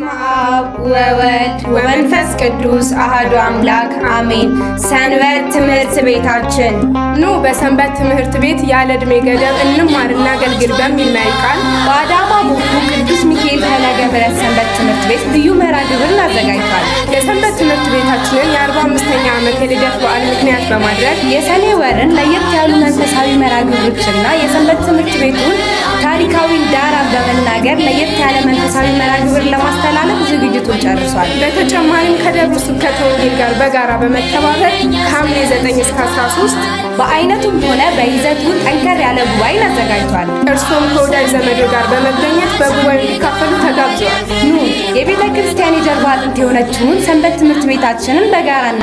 በስመ አብ ወወልድ ወመንፈስ ቅዱስ አህዶ አምላክ አሜን። ሰንበት ትምህርት ቤታችን ኑ በሰንበት ትምህርት ቤት ያለ ዕድሜ ገደብ እንማርና አገልግል በሚል መሪ ቃል በአዳማ ቦኩ ቅዱስ ሚካኤል ፈለገ ብረት ሰንበት ትምህርት ቤት ልዩ መርሃ ግብርን አዘጋጅቷል። የሰንበት ትምህርት ቤታችንን የአርባ አምስተኛ ዓመት የልደት በዓል ምክንያት በማድረግ የሰኔ ወርን ለየት ያሉ መንፈሳዊ መርሃ ግብሮችና የሰንበት ትምህርት ቤቱን ታሪካዊ ዳራ ሀገር ለየት ያለ መንፈሳዊ መርሃ ግብር ለማስተላለፍ ዝግጅቱን ጨርሷል። በተጨማሪም ከደብረ ስብከት ወንጌል ጋር በጋራ በመተባበር ከሐምሌ 9 እስከ 13 በአይነቱም ሆነ በይዘቱ ጠንከር ያለ ጉባኤን አዘጋጅቷል። እርሶም ከወዳጅ ዘመዶ ጋር በመገኘት በጉባኤ እንዲካፈሉ ተጋብዘዋል። ኑ የቤተ ክርስቲያን የጀርባ አጥንት የሆነችውን ሰንበት ትምህርት ቤታችንን በጋራ